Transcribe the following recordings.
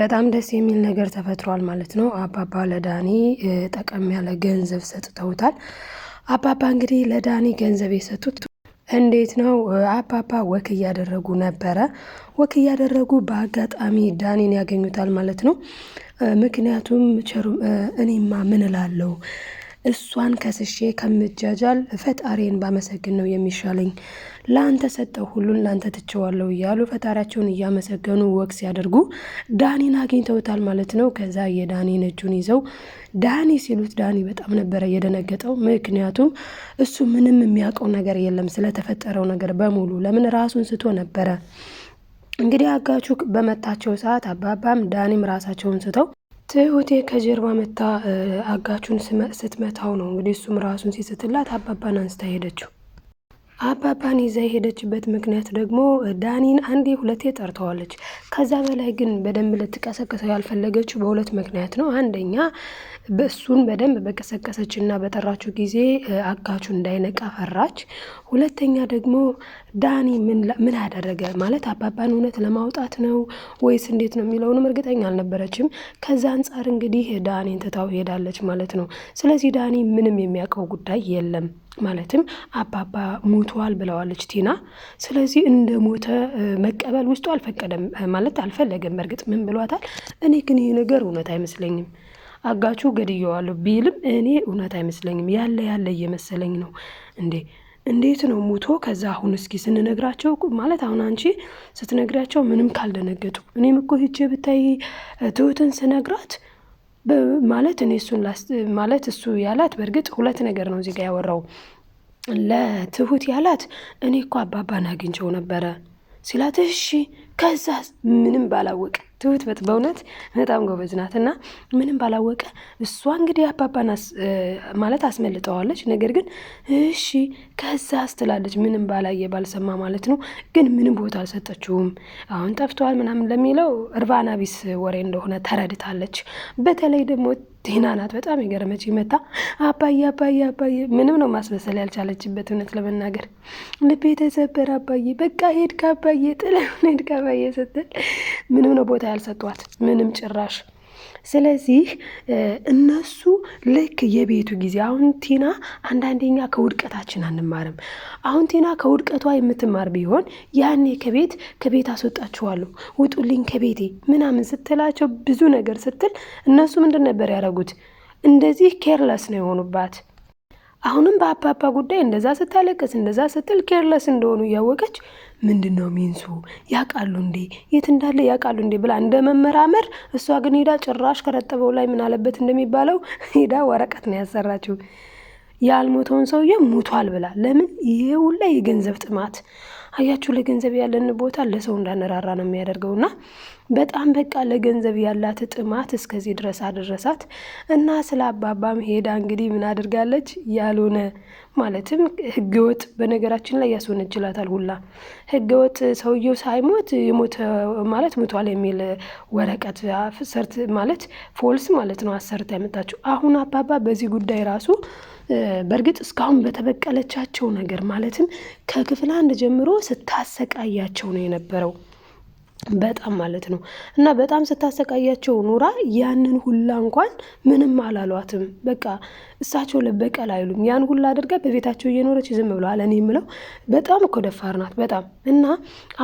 በጣም ደስ የሚል ነገር ተፈጥሯል ማለት ነው። አባባ ለዳኒ ጠቀም ያለ ገንዘብ ሰጥተውታል። አባባ እንግዲህ ለዳኒ ገንዘብ የሰጡት እንዴት ነው? አባባ ወክ እያደረጉ ነበረ። ወክ እያደረጉ በአጋጣሚ ዳኒን ያገኙታል ማለት ነው። ምክንያቱም እኔማ ምን እላለሁ እሷን ከስሼ ከምጃጃል ፈጣሪን ባመሰግን ነው የሚሻለኝ። ለአንተ ሰጠው ሁሉን ለአንተ ትቸዋለሁ እያሉ ፈጣሪያቸውን እያመሰገኑ ወቅ ሲያደርጉ ዳኒን አግኝተውታል ማለት ነው። ከዛ የዳኒን እጁን ይዘው ዳኒ ሲሉት ዳኒ በጣም ነበረ የደነገጠው። ምክንያቱም እሱ ምንም የሚያውቀው ነገር የለም ስለተፈጠረው ነገር በሙሉ ለምን ራሱን ስቶ ነበረ። እንግዲህ አጋቹ በመታቸው ሰዓት አባባም ዳኒም ራሳቸውን ስተው ትሁቴ ከጀርባ መታ አጋቹን ስትመታው ነው እንግዲህ እሱም ራሱን ሲስትላት አባባን አንስታ ሄደችው። አባባን ይዛ የሄደችበት ምክንያት ደግሞ ዳኒን አንዴ ሁለቴ ጠርተዋለች። ከዛ በላይ ግን በደንብ ልትቀሰቀሰው ያልፈለገችው በሁለት ምክንያት ነው። አንደኛ በእሱን በደንብ በቀሰቀሰች እና በጠራችው ጊዜ አጋቹ እንዳይነቃ ፈራች። ሁለተኛ ደግሞ ዳኒ ምን አደረገ ማለት አባባን እውነት ለማውጣት ነው ወይስ እንዴት ነው የሚለውንም እርግጠኛ አልነበረችም። ከዛ አንጻር እንግዲህ ዳኒን ትታው ሄዳለች ማለት ነው። ስለዚህ ዳኒ ምንም የሚያውቀው ጉዳይ የለም። ማለትም አባባ ሞተዋል ብለዋለች ቲና። ስለዚህ እንደ ሞተ መቀበል ውስጡ አልፈቀደም ማለት አልፈለገም። በእርግጥ ምን ብሏታል? እኔ ግን ይህ ነገር እውነት አይመስለኝም አጋቹ ገድየዋለሁ ቢልም እኔ እውነት አይመስለኝም። ያለ ያለ እየመሰለኝ ነው እንዴ እንዴት ነው ሙቶ? ከዛ አሁን እስኪ ስንነግራቸው ማለት አሁን አንቺ ስትነግሪያቸው ምንም ካልደነገጡ እኔም እኮ ሂጄ ብታይ ትሁትን ስነግራት ማለት እኔ እሱን ማለት እሱ ያላት በእርግጥ ሁለት ነገር ነው እዚህ ያወራው ለትሁት ያላት እኔ እኮ አባባን አግኝቼው ነበረ ሲላት እሺ ከዛስ ምንም ባላወቀ ትሁት በእውነት በጣም ጎበዝ ናት እና ምንም ባላወቀ እሷ እንግዲህ አባባን ማለት አስመልጠዋለች። ነገር ግን እሺ ከዛስ ትላለች። ምንም ባላየ ባልሰማ ማለት ነው። ግን ምንም ቦታ አልሰጠችውም። አሁን ጠፍተዋል ምናምን ለሚለው እርባና ቢስ ወሬ እንደሆነ ተረድታለች። በተለይ ደግሞ ቴና ናት በጣም የገረመች መታ አባዬ አባዬ አባዬ ምንም ነው ማስመሰል ያልቻለችበት እውነት ለመናገር ልቤ ተሰበር አባዬ በቃ ሄድክ አባዬ ጥለውን ሄድክ በየ ስትል ምንም ነው ቦታ ያልሰጧት ምንም ጭራሽ። ስለዚህ እነሱ ልክ የቤቱ ጊዜ አሁን ቲና አንዳንደኛ ከውድቀታችን አንማርም። አሁን ቲና ከውድቀቷ የምትማር ቢሆን ያኔ ከቤት ከቤት አስወጣችኋለሁ ውጡልኝ ከቤቴ ምናምን ስትላቸው ብዙ ነገር ስትል እነሱ ምንድን ነበር ያደረጉት? እንደዚህ ኬርለስ ነው የሆኑባት። አሁንም በአፓፓ ጉዳይ እንደዛ ስታለቅስ እንደዛ ስትል ኬርለስ እንደሆኑ እያወቀች ምንድን ነው ሚንሱ ያውቃሉ እንዴ የት እንዳለ ያውቃሉ እንዴ ብላ እንደ መመራመር፣ እሷ ግን ሄዳ ጭራሽ ከረጠበው ላይ ምን አለበት እንደሚባለው ሄዳ ወረቀት ነው ያሰራችው። ያልሞተውን ሰውዬ ሙቷል ብላ ለምን ይሄ ሁላ የገንዘብ ጥማት አያችሁ፣ ለገንዘብ ያለን ቦታ ለሰው እንዳነራራ ነው እና በጣም በቃ ለገንዘብ ያላት ጥማት እስከዚህ ድረስ አደረሳት እና ስለ አባባም ሄዳ እንግዲህ ምን አድርጋለች ያልሆነ ማለትም ህገወጥ በነገራችን ላይ ያስወነጅላታል ሁላ ህገወጥ ሰውየው ሳይሞት የሞተ ማለት ሙቷል የሚል ወረቀት ሰርት ማለት ፎልስ ማለት ነው አሰርታ ያመጣችው አሁን አባባ በዚህ ጉዳይ ራሱ በእርግጥ እስካሁን በተበቀለቻቸው ነገር ማለትም ከክፍል አንድ ጀምሮ ስታሰቃያቸው ነው የነበረው። በጣም ማለት ነው እና በጣም ስታሰቃያቸው ኑራ ያንን ሁላ እንኳን ምንም አላሏትም። በቃ እሳቸው ለበቀል አይሉም። ያን ሁላ አድርጋ በቤታቸው እየኖረች ዝም ብለዋል። እኔ የምለው በጣም እኮ ደፋር ናት በጣም እና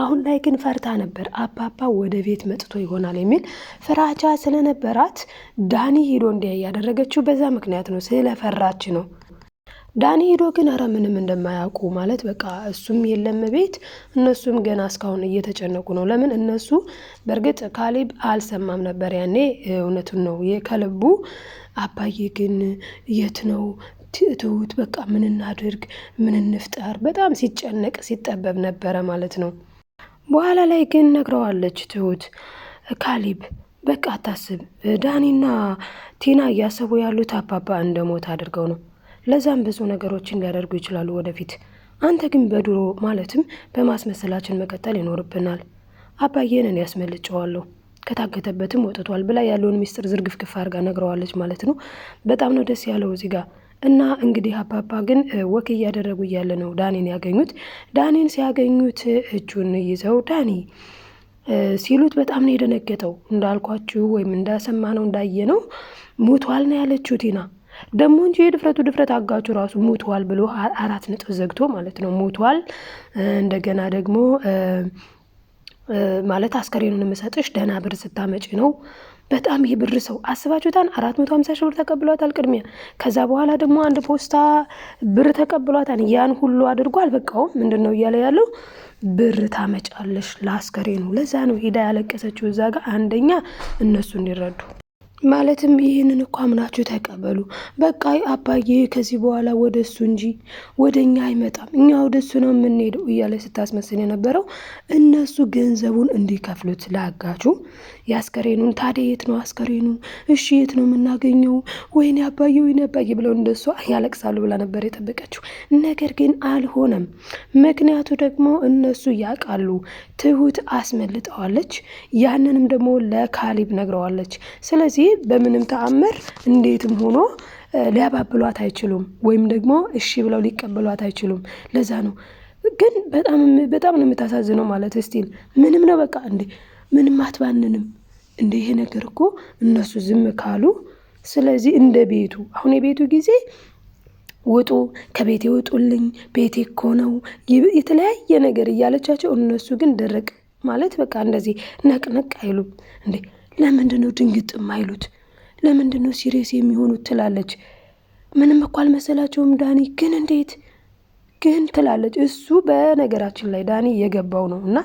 አሁን ላይ ግን ፈርታ ነበር። አባባ ወደ ቤት መጥቶ ይሆናል የሚል ፍራቻ ስለነበራት ዳኒ ሄዶ እንዲያ ያደረገችው በዛ ምክንያት ነው፣ ስለፈራች ነው። ዳኒ ሄዶ ግን አረ ምንም እንደማያውቁ ማለት በቃ እሱም የለም ቤት እነሱም ገና እስካሁን እየተጨነቁ ነው። ለምን እነሱ በእርግጥ ካሌብ አልሰማም ነበር ያኔ እውነቱን ነው ከልቡ። አባዬ ግን የት ነው ትሁት? በቃ ምን እናድርግ፣ ምን እንፍጠር? በጣም ሲጨነቅ ሲጠበብ ነበረ ማለት ነው። በኋላ ላይ ግን ነግረዋለች ትሁት ካሊብ በቃ አታስብ፣ ዳኒና ቲና እያሰቡ ያሉት አባባ እንደሞት አድርገው ነው ለዛም ብዙ ነገሮችን ሊያደርጉ ይችላሉ ወደፊት። አንተ ግን በድሮ ማለትም በማስመሰላችን መቀጠል ይኖርብናል። አባዬን እኔ ያስመልጨዋለሁ ከታገተበትም ወጥቷል ብላ ያለውን ሚስጥር ዝርግፍግፍ አድርጋ ነግረዋለች ማለት ነው። በጣም ነው ደስ ያለው እዚህ ጋር እና እንግዲህ አባባ ግን ወክ እያደረጉ እያለ ነው ዳኔን ያገኙት። ዳኔን ሲያገኙት እጁን ይዘው ዳኒ ሲሉት በጣም ነው የደነገጠው። እንዳልኳችሁ ወይም እንዳሰማ ነው እንዳየ ነው ሞቷል ነው ያለችው ቲና ደግሞ እንጂ የድፍረቱ ድፍረት አጋቹ ራሱ ሞቷል ብሎ አራት ነጥብ ዘግቶ ማለት ነው። ሙቷል እንደገና ደግሞ ማለት አስከሬኑን የምሰጥሽ ደህና ብር ስታመጪ ነው። በጣም ይህ ብር ሰው አስባችሁታን አራት መቶ ሀምሳ ሺህ ብር ተቀብሏታል ቅድሚያ። ከዛ በኋላ ደግሞ አንድ ፖስታ ብር ተቀብሏታል። ያን ሁሉ አድርጎ አልበቃውም። ምንድን ነው እያለ ያለው ብር ታመጫለሽ ለአስከሬኑ። ለዛ ነው ሄዳ ያለቀሰችው እዛ ጋር አንደኛ እነሱ እንዲረዱ ማለትም ይህንን እኮ አምናችሁ ተቀበሉ። በቃ አባዬ ከዚህ በኋላ ወደ እሱ እንጂ ወደ እኛ አይመጣም፣ እኛ ወደ እሱ ነው የምንሄደው እያለ ስታስመስል የነበረው እነሱ ገንዘቡን እንዲከፍሉት ላጋችሁ የአስከሬኑን ታዲያ የት ነው አስከሬኑ? እሺ የት ነው የምናገኘው? ወይኔ አባዬ ወይኔ አባዬ ብለው እንደሱ ያለቅሳሉ ብላ ነበር የጠበቀችው። ነገር ግን አልሆነም። ምክንያቱ ደግሞ እነሱ ያውቃሉ፣ ትሁት አስመልጠዋለች። ያንንም ደግሞ ለካሊብ ነግረዋለች። ስለዚህ በምንም ተአምር እንዴትም ሆኖ ሊያባብሏት አይችሉም፣ ወይም ደግሞ እሺ ብለው ሊቀበሏት አይችሉም። ለዛ ነው ግን በጣም ነው የምታሳዝነው ማለት ስቲል ምንም ነው በቃ እንዴ ምንም አትባንንም እንደ ይሄ ነገር እኮ እነሱ ዝም ካሉ ስለዚህ እንደ ቤቱ አሁን የቤቱ ጊዜ ውጡ ከቤቴ ውጡልኝ፣ ቤቴ እኮ ነው የተለያየ ነገር እያለቻቸው፣ እነሱ ግን ደረቅ ማለት በቃ እንደዚህ ነቅነቅ አይሉም እንዴ። ለምንድን ነው ድንግጥም አይሉት? ለምንድን ነው ሲሪየስ የሚሆኑት? ትላለች። ምንም እኮ አልመሰላቸውም ዳኒ ግን እንዴት ግን ትላለች። እሱ በነገራችን ላይ ዳኒ እየገባው ነው እና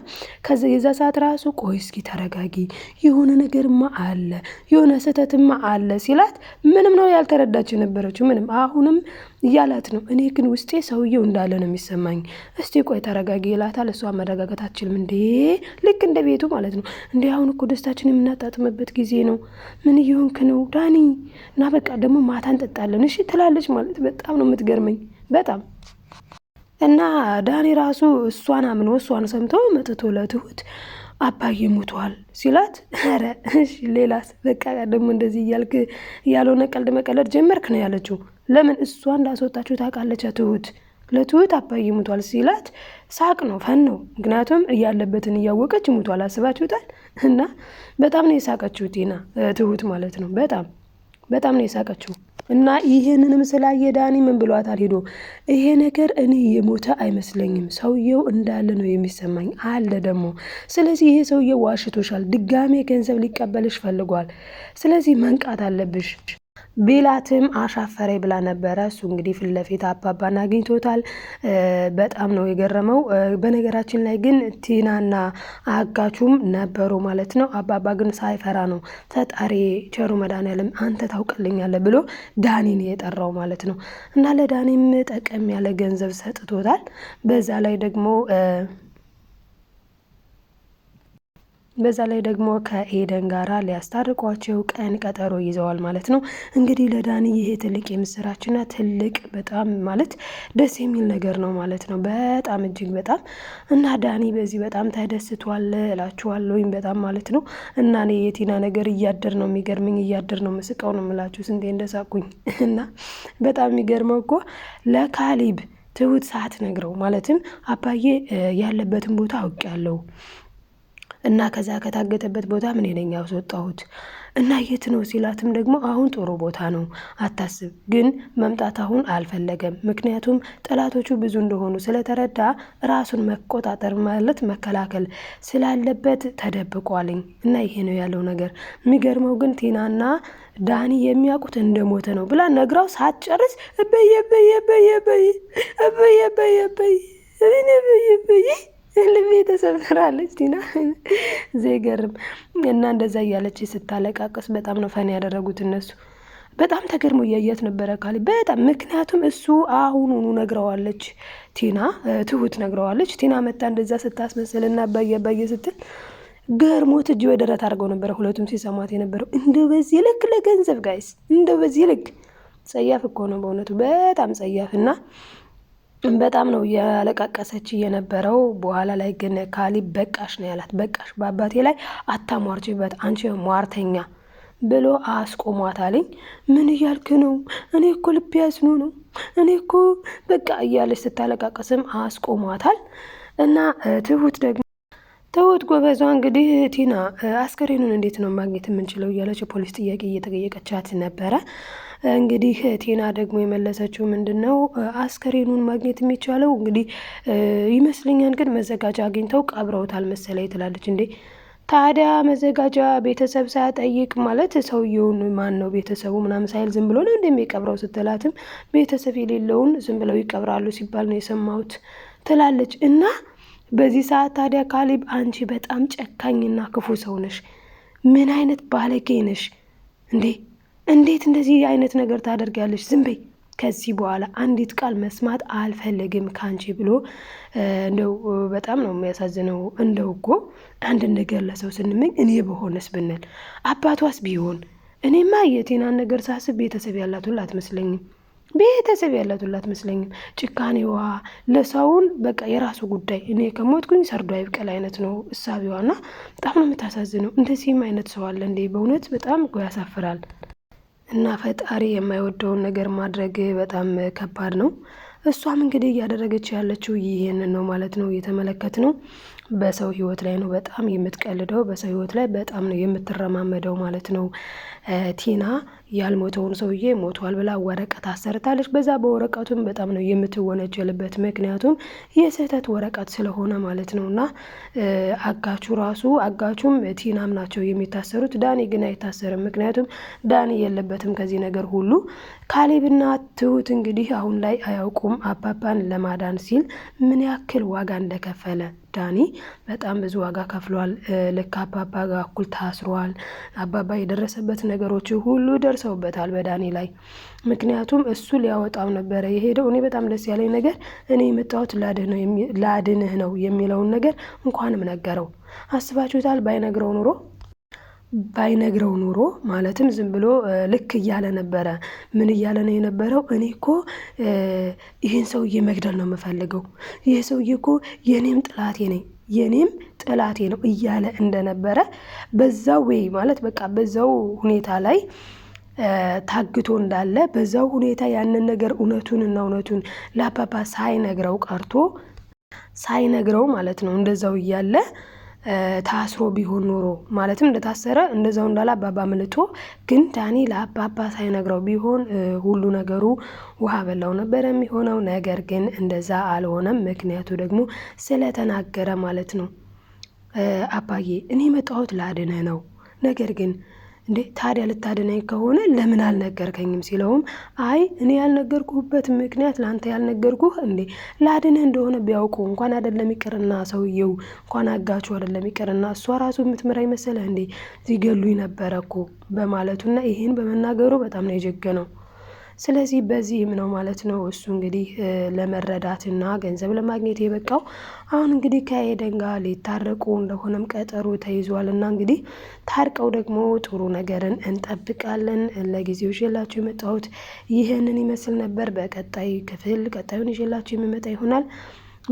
የዛ ሰዓት ራሱ ቆይ እስኪ ተረጋጊ፣ የሆነ ነገርማ አለ፣ የሆነ ስህተትማ አለ ሲላት ምንም ነው ያልተረዳች የነበረችው ምንም። አሁንም እያላት ነው። እኔ ግን ውስጤ ሰውየው እንዳለ ነው የሚሰማኝ። እስቲ ቆይ ተረጋጊ ይላታል። እሷ መረጋጋት አችልም እንዴ ልክ እንደ ቤቱ ማለት ነው። እንዴ አሁን እኮ ደስታችን የምናጣጥምበት ጊዜ ነው። ምን እየሆንክ ነው ዳኒ? እና በቃ ደግሞ ማታ እንጠጣለን እሺ ትላለች ማለት በጣም ነው የምትገርመኝ በጣም እና ዳኒ ራሱ እሷን አምኖ እሷን ሰምቶ መጥቶ ለትሁት አባዬ ሙቷል ሲላት፣ ኧረ እሺ ሌላስ? በቃ ደግሞ እንደዚህ እያልክ ያልሆነ ቀልድ መቀለድ ጀመርክ ነው ያለችው። ለምን እሷ እንዳስወጣችሁ ታውቃለች። ትሁት ለትሁት አባዬ ሙቷል ሲላት ሳቅ ነው ፈን ነው። ምክንያቱም እያለበትን እያወቀች ሙቷል አስባችሁታል? እና በጣም ነው የሳቀችው ቲና ትሁት ማለት ነው። በጣም በጣም ነው የሳቀችው። እና ይህንንም ስላየ ዳኒ ምን ብሏታል ሄዶ ይሄ ነገር እኔ የሞተ አይመስለኝም፣ ሰውየው እንዳለ ነው የሚሰማኝ አለ ደግሞ። ስለዚህ ይሄ ሰውየው ዋሽቶሻል፣ ድጋሜ ገንዘብ ሊቀበልሽ ፈልጓል። ስለዚህ መንቃት አለብሽ። ቢላትም አሻፈረ ብላ ነበረ። እሱ እንግዲህ ፊት ለፊት አባባን አግኝቶታል። በጣም ነው የገረመው። በነገራችን ላይ ግን ቲናና አጋቹም ነበሩ ማለት ነው። አባባ ግን ሳይፈራ ነው ፈጣሪ ቸሩ መድኃኒዓለም አንተ ታውቅልኛለህ ብሎ ዳኒን የጠራው ማለት ነው። እና ለዳኒም ጠቀም ያለ ገንዘብ ሰጥቶታል። በዛ ላይ ደግሞ በዛ ላይ ደግሞ ከኤደን ጋር ሊያስታርቋቸው ቀን ቀጠሮ ይዘዋል ማለት ነው። እንግዲህ ለዳኒ ይሄ ትልቅ የምስራችና ትልቅ በጣም ማለት ደስ የሚል ነገር ነው ማለት ነው። በጣም እጅግ በጣም እና ዳኒ በዚህ በጣም ተደስቷል እላችኋለሁ። ወይም በጣም ማለት ነው እና እኔ የቲና ነገር እያደር ነው የሚገርምኝ፣ እያደር ነው ምስቀው ነው የምላችሁ ስንቴ እንደሳቁኝ እና በጣም የሚገርመው እኮ ለካሊብ ትሁት ሰዓት ነግረው ማለትም አባዬ ያለበትን ቦታ አውቅ ያለው እና ከዛ ከታገተበት ቦታ ምን ነኝ ያስወጣሁት እና የት ነው ሲላትም ደግሞ አሁን ጥሩ ቦታ ነው አታስብ፣ ግን መምጣት አሁን አልፈለገም። ምክንያቱም ጠላቶቹ ብዙ እንደሆኑ ስለተረዳ ራሱን መቆጣጠር ማለት መከላከል ስላለበት ተደብቋልኝ እና ይሄ ነው ያለው ነገር። የሚገርመው ግን ቲናና ዳኒ የሚያውቁት እንደሞተ ነው ብላ ነግራው ሳትጨርስ በየበየበየበይ በየበየበይ ልቤ ተሰብራለች። ዲና ዘይገርም እና እንደዛ እያለች ስታለቃቀስ በጣም ነው ፈን ያደረጉት እነሱ። በጣም ተገርሞ እያያት ነበረ ካሊ በጣም ምክንያቱም እሱ አሁኑኑ ነግረዋለች፣ ቲና ትሁት ነግረዋለች። ቲና መታ እንደዛ ስታስመስልና አባዬ አባዬ ስትል ገርሞት እጅ ወደረት አድርገው ነበረ ሁለቱም ሲሰማት የነበረው። እንደው በዚህ ልክ ለገንዘብ ጋይስ፣ እንደ በዚህ ልክ ጸያፍ እኮ ነው በእውነቱ በጣም ጸያፍ እና በጣም ነው እያለቃቀሰች የነበረው። በኋላ ላይ ግን ካሊብ በቃሽ ነው ያላት። በቃሽ በአባቴ ላይ አታሟርችበት አንቺ ሟርተኛ ብሎ አስቆሟታልኝ። ምን እያልክ ነው? እኔ እኮ ልብ ያዝኑ ነው እኔ እኮ በቃ እያለች ስታለቃቀስም አስቆሟታል። እና ትሁት ደግሞ ያልኩት ጎበዟ እንግዲህ ቲና አስከሬኑን እንዴት ነው ማግኘት የምንችለው እያለች የፖሊስ ጥያቄ እየተጠየቀቻት ነበረ። እንግዲህ ቲና ደግሞ የመለሰችው ምንድን ነው አስከሬኑን ማግኘት የሚቻለው እንግዲህ ይመስለኛል፣ ግን መዘጋጃ አግኝተው ቀብረውታል መሰለኝ ትላለች። እንዴ ታዲያ መዘጋጃ ቤተሰብ ሳያጠይቅ ማለት ሰውየውን ማን ነው ቤተሰቡ ምናምን ሳይል ዝም ብሎ ነው እንደሚቀብረው ስትላትም ቤተሰብ የሌለውን ዝም ብለው ይቀብራሉ ሲባል ነው የሰማሁት ትላለች እና በዚህ ሰዓት ታዲያ ካሊብ አንቺ በጣም ጨካኝና ክፉ ሰው ነሽ፣ ምን አይነት ባለጌ ነሽ እንዴ! እንዴት እንደዚህ አይነት ነገር ታደርጋለች? ዝም በይ ከዚህ በኋላ አንዲት ቃል መስማት አልፈልግም ከአንቺ ብሎ እንደው በጣም ነው የሚያሳዝነው። እንደው እኮ አንድ ነገር ለሰው ስንመኝ እኔ በሆነስ ብንል አባቷስ ቢሆን እኔማ የቴናን ነገር ሳስብ ቤተሰብ ያላት ሁላ አትመስለኝም። ቤተሰብ ያላት ሁላ አትመስለኝም። ጭካኔዋ ለሰውን በቃ የራሱ ጉዳይ እኔ ከሞትኩኝ ሰርዶ አይብቀል አይነት ነው እሳቢዋ እና በጣም ነው የምታሳዝነው። እንደዚህም አይነት ሰው አለ እንዴ! በእውነት በጣም እኮ ያሳፍራል። እና ፈጣሪ የማይወደውን ነገር ማድረግ በጣም ከባድ ነው። እሷም እንግዲህ እያደረገች ያለችው ይህን ነው ማለት ነው። እየተመለከት ነው በሰው ህይወት ላይ ነው በጣም የምትቀልደው፣ በሰው ህይወት ላይ በጣም ነው የምትረማመደው ማለት ነው ቲና ያልሞተውን ሰውዬ ሞቷል ብላ ወረቀት አሰርታለች። በዛ በወረቀቱም በጣም ነው የምትወነጀልበት። ምክንያቱም የስህተት ወረቀት ስለሆነ ማለት ነው። እና አጋቹ ራሱ አጋቹም ቲናም ናቸው የሚታሰሩት። ዳኒ ግን አይታሰርም። ምክንያቱም ዳኒ የለበትም ከዚህ ነገር ሁሉ። ካሌብና ትሁት እንግዲህ አሁን ላይ አያውቁም። አባባን ለማዳን ሲል ምን ያክል ዋጋ እንደከፈለ ዳኒ በጣም ብዙ ዋጋ ከፍሏል። ልክ አባባ ጋር እኩል ታስሯል። አባባ የደረሰበት ነገሮች ሁሉ ደርስ ደርሰውበታል በዳኒ ላይ። ምክንያቱም እሱ ሊያወጣው ነበረ የሄደው። እኔ በጣም ደስ ያለኝ ነገር እኔ የመጣሁት ላድንህ ነው የሚለውን ነገር እንኳንም ነገረው። አስባችሁታል? ባይነግረው ኑሮ ባይነግረው ኑሮ ማለትም ዝም ብሎ ልክ እያለ ነበረ። ምን እያለ ነው የነበረው? እኔ እኮ ይህን ሰውዬ መግደል ነው የምፈልገው፣ ይህ ሰውዬ እኮ የእኔም ጥላቴ ነኝ የኔም ጥላቴ ነው እያለ እንደነበረ በዛው ወይ ማለት በቃ በዛው ሁኔታ ላይ ታግቶ እንዳለ በዛው ሁኔታ ያንን ነገር እውነቱን እና እውነቱን ለአባባ ሳይነግረው ቀርቶ ሳይነግረው ማለት ነው እንደዛው እያለ ታስሮ ቢሆን ኖሮ ማለትም እንደታሰረ እንደዛው እንዳለ አባባ ምልቶ ግን ዳኒ ለአባባ ሳይነግረው ቢሆን ሁሉ ነገሩ ውሃ በላው ነበረ የሚሆነው። ነገር ግን እንደዛ አልሆነም። ምክንያቱ ደግሞ ስለተናገረ ማለት ነው። አባዬ እኔ መጣሁት ላድነ ነው ነገር ግን እንዴ ታዲያ ልታድነኝ ከሆነ ለምን አልነገርከኝም? ሲለውም አይ እኔ ያልነገርኩበት ምክንያት ለአንተ ያልነገርኩህ እንዴ ላድንህ እንደሆነ ቢያውቁ እንኳን አደለም ይቅርና ሰውየው እንኳን አጋቹ አደለም ይቅርና እሷ ራሱ የምትምራ ይመሰለህ እንዴ ሲገሉኝ ነበረ እኮ በማለቱና ይህን በመናገሩ በጣም ነው የጀገነው። ስለዚህ በዚህም ነው ማለት ነው እሱ እንግዲህ ለመረዳትና ገንዘብ ለማግኘት የበቃው። አሁን እንግዲህ ከኤደን ጋር ሊታረቁ እንደሆነም ቀጠሮ ተይዟል እና እንግዲህ ታርቀው ደግሞ ጥሩ ነገርን እንጠብቃለን። ለጊዜው ይዤላችሁ የመጣሁት ይህንን ይመስል ነበር። በቀጣይ ክፍል ቀጣዩን ይዤላችሁ የሚመጣ ይሆናል።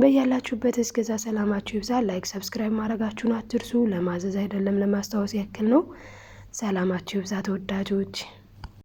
በያላችሁበት እስከዛ ሰላማችሁ ይብዛ። ላይክ ሰብስክራይብ ማድረጋችሁን አትርሱ። ለማዘዝ አይደለም ለማስታወስ ያክል ነው። ሰላማችሁ ይብዛ ተወዳጆች።